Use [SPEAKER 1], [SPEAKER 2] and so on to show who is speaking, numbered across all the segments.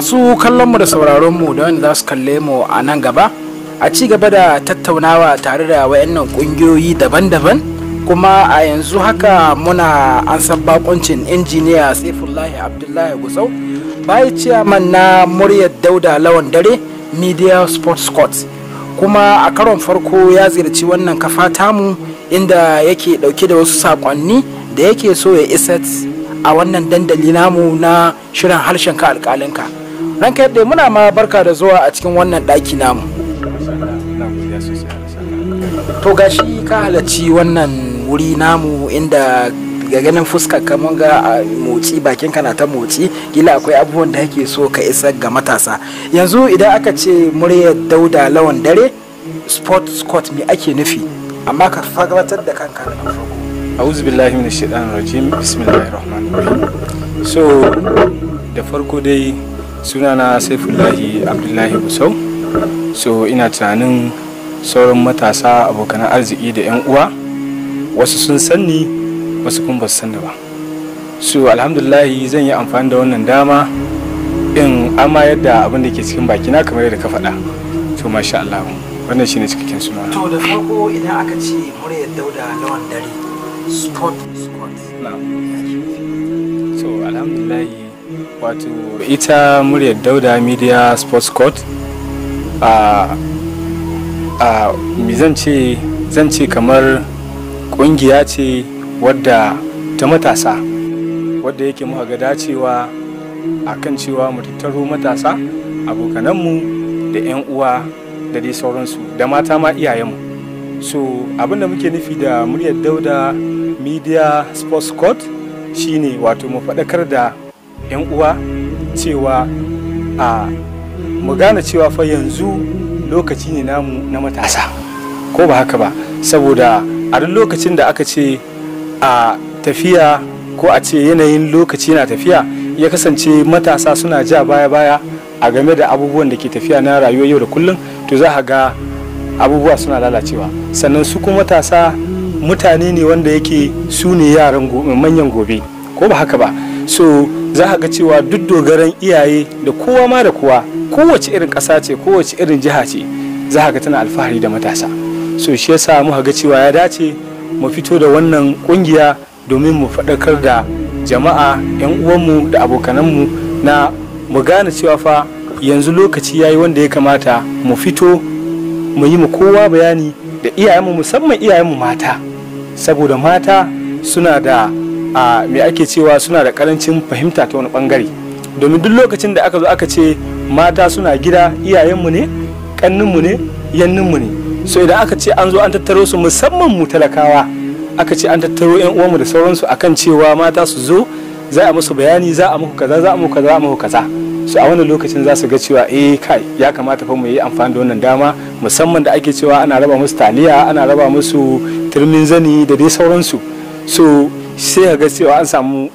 [SPEAKER 1] masu kallonmu da sauraron mu da wanda za su kalle mu a nan gaba a ci gaba da tattaunawa tare da wayannan kungiyoyi daban-daban kuma a yanzu haka muna an san bakoncin injiniya saifullahi abdullahi gusau bayi ciyaman na muryar dauda lawan dare media sports court kuma a karon farko ya ziyarci wannan kafa tamu inda yake dauke da wasu sakonni da yake so ya isat a wannan dandali namu na shirin harshen ka alkalinka ranka yadda muna ma barka da zuwa a cikin wannan ɗaki namu to gashi ka halarci wannan wuri namu inda ga ganin fuskar ka mun ga motsi bakin na ta motsi gila akwai abubuwan da ake so ka isa ga matasa yanzu idan aka ce muryar dauda lawan dare sport court me ake nufi amma ka fagabatar da kanka da farko billahi minash shaitanir rajim bismillahir
[SPEAKER 2] rahmanir rahim so da farko dai sunana saifullahi abdullahi busau so ina tunanin sauran matasa abokan arziki da 'yan uwa wasu sun sanni wasu kuma basu su sanni ba so alhamdulahi zan yi amfani da wannan dama in amma yadda abin da ke cikin bakina kamar yadda ka faɗa to masha Allah wannan shine cikakken suna to da
[SPEAKER 1] farko idan aka ce muryar dauda lawan dare sport sport so alhamdulahi wato
[SPEAKER 2] ita muryar dauda media sports court a mi zan ce kamar kungiya ce wadda ta matasa wadda yake muka ga dacewa a kan cewa mu tattaro matasa abokananmu da 'yan uwa da dai sauransu da mata ma iyayenmu so abinda muke nufi da muryar dauda media sports court shine wato mu faɗakar da 'yan uwa cewa a mu gane cewa fa yanzu lokaci ne namu na matasa ko ba haka ba saboda a duk lokacin da aka ce a tafiya ko a ce yanayin lokaci na tafiya ya kasance matasa suna ja baya-baya a game da abubuwan da ke tafiya na rayuwa yau da kullum to za a ga abubuwa suna lalacewa sannan su kuma matasa mutane ne wanda yake su ne yaran manyan gobe ko ba haka ba so za a ga cewa duk dogaran iyaye da kowa ma da kowa kowace irin ƙasa ce kowace irin jiha ce za a ga tana alfahari da matasa so shi yasa muka ga cewa ya dace mu fito da wannan ƙungiya domin mu faɗakar da jama'a 'yan uwanmu da abokananmu na mu gane cewa fa yanzu lokaci ya yi wanda ya kamata mu fito mu yi mu kowa bayani da iyayenmu musamman mu mata saboda mata suna da a me ake cewa suna da karancin fahimta ta wani bangare domin duk lokacin da aka zo aka ce mata suna gida iyayenmu ne kanninmu ne yanninmu ne so idan aka ce an zo an tattaro su musamman mu talakawa aka ce an tattaro yan uwanmu da sauransu akan cewa mata su zo za a musu bayani za a muku kaza za a muku kaza za a muku kaza so a wannan lokacin za su ga cewa eh kai ya kamata fa mu yi amfani da wannan dama musamman da ake cewa ana raba musu taliya ana raba musu turmin zani da dai sauransu so sai ga cewa an samu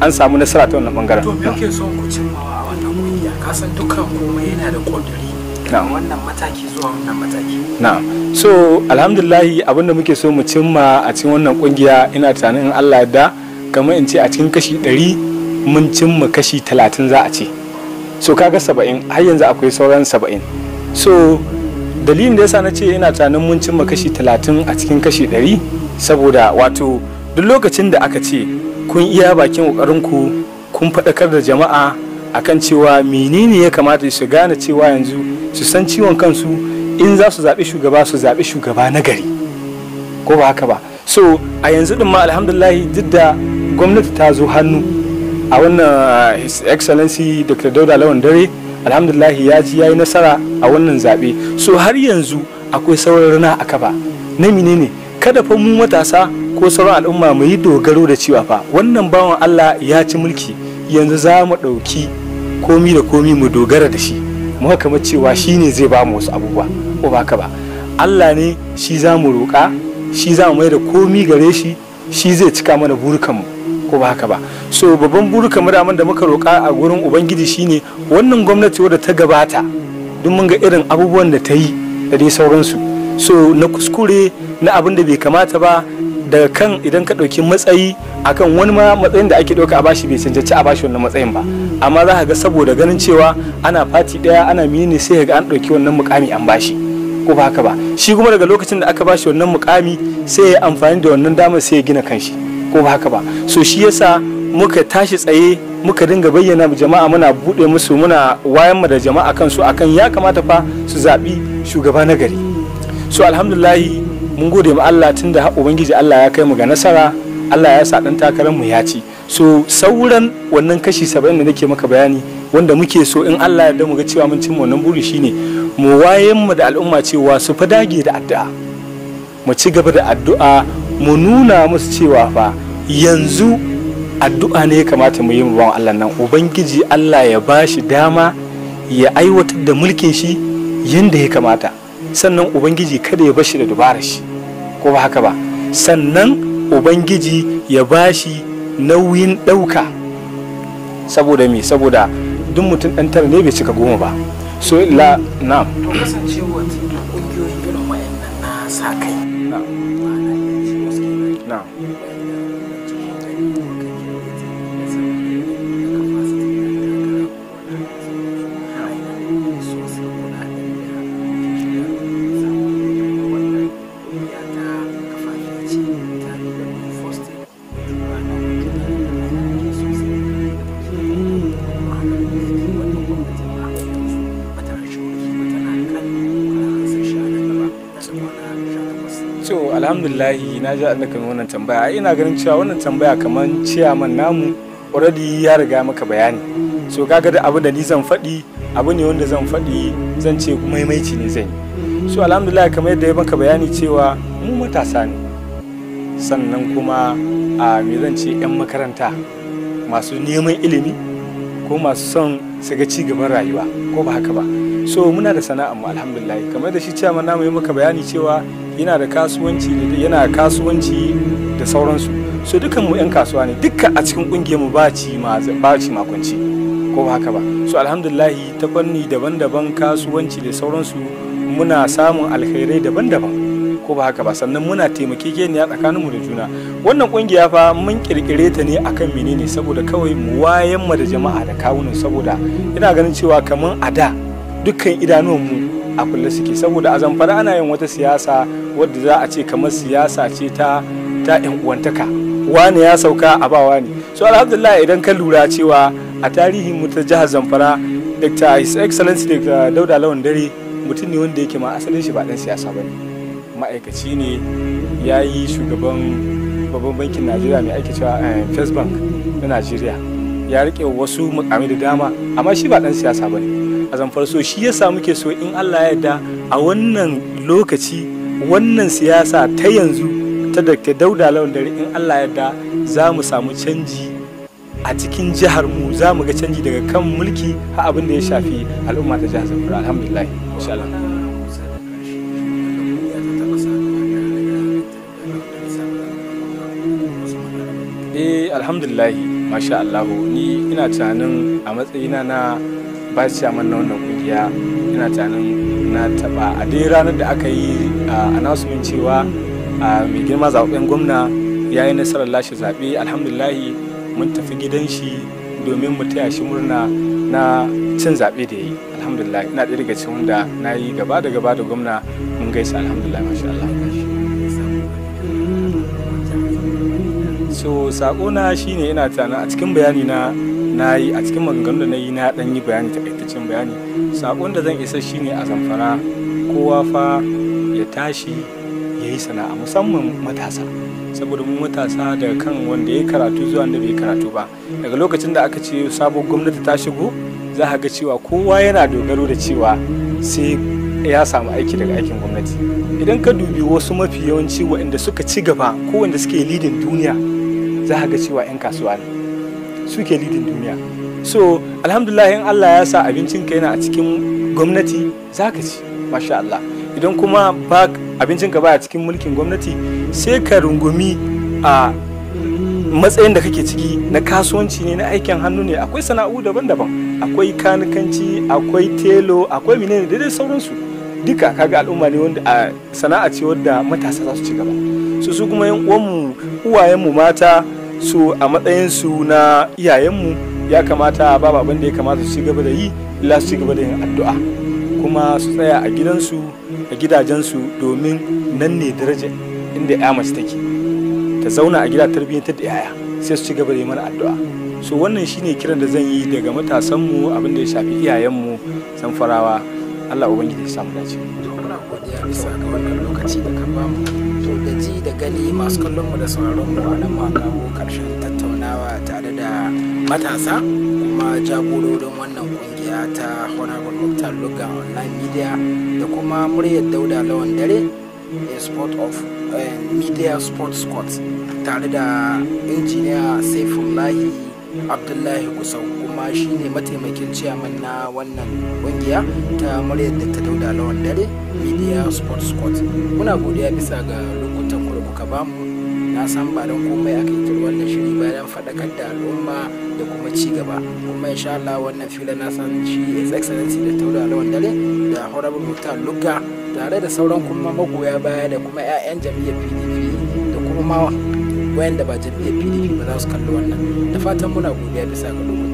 [SPEAKER 2] an samu nasara ta wannan bangaren to me kake
[SPEAKER 1] son ku cimmawa a wannan kungiya ka san dukkan komai yana da kodari Na wannan mataki zuwa wannan mataki
[SPEAKER 2] Na. so alhamdulillah abinda muke so mu cimma a cikin wannan kungiya ina tunanin in Allah da kamar in ce a cikin kashi 100 mun cimma kashi 30 za a ce so kaga 70 har yanzu akwai sauran 70 so dalilin da yasa na ce ina tunanin mun cimma kashi 30 a cikin kashi 100 saboda wato duk lokacin da aka ce kun iya bakin ƙoƙarinku kun faɗakar da jama'a akan cewa menene ya kamata su gane cewa yanzu su san ciwon kansu in za su zaɓi shugaba su zaɓi shugaba na gari ko ba haka ba so a yanzu din ma alhamdulahi duk da gwamnati ta zo hannu a wannan his excellency dr dauda lawan dare alhamdulahi ya ji ya yi nasara a wannan zaɓe so har yanzu akwai sauraron rana a kaba na menene kada fa mu matasa ko sauran al'umma mu yi dogaro da cewa fa wannan bawan Allah ya ci mulki yanzu za mu ɗauki komi da komi mu dogara da shi mu haka cewa shine zai ba mu wasu abubuwa ko ba ba Allah ne shi za mu roƙa shi za mu mai da komi gare shi shi zai cika mana burukanmu ko ba haka ba so babban burukan mu da muka roƙa a gurin ubangiji shine wannan gwamnati wadda ta gabata duk mun ga irin abubuwan da ta yi da dai sauransu so na kuskure na abin da bai kamata ba daga kan idan ka ɗauki matsayi akan wani ma matsayin da ake ɗauka a bashi bai cancanci a bashi wannan matsayin ba amma za ka ga saboda ganin cewa ana fati ɗaya ana mini sai ga an ɗauki wannan mukami an bashi ko ba haka ba shi kuma daga lokacin da aka bashi wannan mukami sai ya amfani da wannan damar sai ya gina kanshi ko ba haka ba so shi yasa muka tashi tsaye muka dinga bayyana jama'a muna buɗe musu muna wayan da jama'a kansu akan ya kamata fa su zaɓi shugaba na gari so alhamdulahi mun gode ma Allah tunda ubangiji Allah ya kai mu ga nasara Allah ya sa dan takarar mu ya ci so sauran wannan kashi 70 da nake maka bayani wanda muke so in Allah ya damuga mu ga cewa mun cimma wannan buri shine mu wayen mu da al'umma cewa su fa dage da addu'a mu ci gaba da addu'a mu nuna musu cewa fa yanzu addu'a ne ya kamata mu yi mu ban Allah nan ubangiji Allah ya bashi dama ya aiwatar da mulkin shi yanda ya kamata sannan ubangiji kada ya bashi da dubara shi ko ba haka ba sannan ubangiji ya bashi nauyin ɗauka saboda me saboda duk mutum ɗan tara ne bai cika goma ba so la na alhamdulillahi na ji da kan wannan tambaya ina ganin cewa wannan tambaya kamar ciyaman namu already ya riga maka bayani so kaga da abu da ni zan faɗi abu ne wanda zan faɗi zan ce maimaici ne zan yi so alhamdulillah kamar yadda ya maka bayani cewa mu matasa ne sannan kuma a me zan ce 'yan makaranta masu neman ilimi ko masu son su ga ci gaban rayuwa ko ba haka ba so muna da sana'a mu alhamdulillah kamar da shi cewa namu yi maka bayani cewa yana da kasuwanci yana kasuwanci da sauransu so dukan mu yan kasuwa ne dukkan a cikin kungiyar mu ba ci ma ba ci makunci ko ba haka ba so alhamdulillah ta fanni daban-daban kasuwanci da sauransu muna samun alkhairai daban-daban ko ba haka ba sannan muna a tsakanin mu da juna wannan kungiya fa mun kirkire ta ne akan menene saboda kawai mu wayan mu da jama'a da kawunan saboda ina ganin cewa kaman a da dukkan idanuwan mu a kulle suke saboda a zamfara ana yin wata siyasa wadda za a ce kamar siyasa ce ta ta yan uwantaka wani ya sauka a ba wani so alhamdulillah idan ka lura cewa a tarihin mu ta jihar zamfara dr his excellency dr dauda lawan dare mutum ne wanda yake ma asalin shi ba dan siyasa bane ma'aikaci ne ya yi shugaban babban bankin najeriya mai ake cewa eh, first bank na najeriya ya rike wasu mukami da dama amma shi ba dan siyasa ba ne a zamfar so shi yasa ke so in allah ya yarda a wannan lokaci wannan siyasa ta yanzu ta da ke dauda lawan dare in allah ya yarda za mu samu canji a cikin jihar mu za mu ga canji daga kan mulki har abin da ya shafi al'umma ta jihar zamfara alhamdulillah inshallah alhamdulillahi masha allahu ni ina tunanin a matsayina na ba a manna wannan kungiya ina tunanin na taba a dai ranar da aka yi a announcement cewa a mai girma zaɓen gwamna ya yi nasarar lashe zaɓe alhamdulillahi mun tafi gidan shi domin mu taya shi murna na cin zaɓe da yi alhamdulillah ina ɗaya daga cikin wanda na yi gaba da gaba da gwamna mun gaisa alhamdulillah masha Allah so sakona shine ina tana a cikin bayani na na yi a cikin maganganun da na yi na dan yi bayani ta aikacin bayani sakon da zan isa shine a zamfara kowa fa ya tashi ya yi sana'a musamman matasa saboda mu matasa daga kan wanda ya karatu zuwa wanda bai karatu ba daga lokacin da aka ce sabon gwamnati ta shigo za a ga cewa kowa yana dogaro da cewa sai ya samu aiki daga aikin gwamnati idan ka dubi wasu mafi yawanci waɗanda suka ci gaba ko wanda suke lidin duniya za ka ga cewa 'yan kasuwa ne suke lidin duniya so alhamdulillah in allah ya sa abincin ka yana a cikin gwamnati za ka ci masha allah idan kuma ba abincin ka ba a cikin mulkin gwamnati sai ka rungumi a matsayin da kake ciki na kasuwanci ne na aikin hannu ne akwai sana'u daban-daban akwai kanikanci akwai telo akwai menene daidai sauransu duka kaga al'umma ne wanda a sana'a ce wadda matasa za su ci gaba su su kuma uwayenmu mata so a matsayin su na iyayenmu ya kamata babu abin da ya kamata su gaba da yi illa su gaba da yin addu'a kuma su tsaya a gidansu a gidajensu domin nan ne daraja inda ya mace take ta zauna a gida tarbiyyantar da yaya sai su ci gaba da yi mana addu'a so wannan shine kiran da zan yi daga matasanmu abin da ya shafi iyayenmu
[SPEAKER 1] farawa Allah Ubangiji ya samu dace. Muna godiya bisa ga wannan lokaci da ka bamu. da ji da gani masu kallon mu da sauraron mu wannan ma kawo karshen tattaunawa tare da matasa kuma jagororin wannan kungiya ta honorable muktar luga online media da kuma muryar dauda lawan dare a sport of eh, media sport squad tare da injiniya saifullahi abdullahi kusau kuma shine mataimakin ciyaman na wannan kungiya ta muryar da ta dauda lawan dare media sports squad muna godiya bisa ga kuka bamu na san ba don komai aka yi wannan shiri ba bayan faɗakar da al'umma da kuma ci gaba kuma insha Allah wannan fila na san shi his excellency da taura lawan dare da horrible mutar lugga tare da sauran kuma magoya baya da kuma 'ya'yan jam'iyyar pdp da kuma mawa da ba jam'iyyar pdp ba za su kalli wannan da fatan muna godiya bisa ga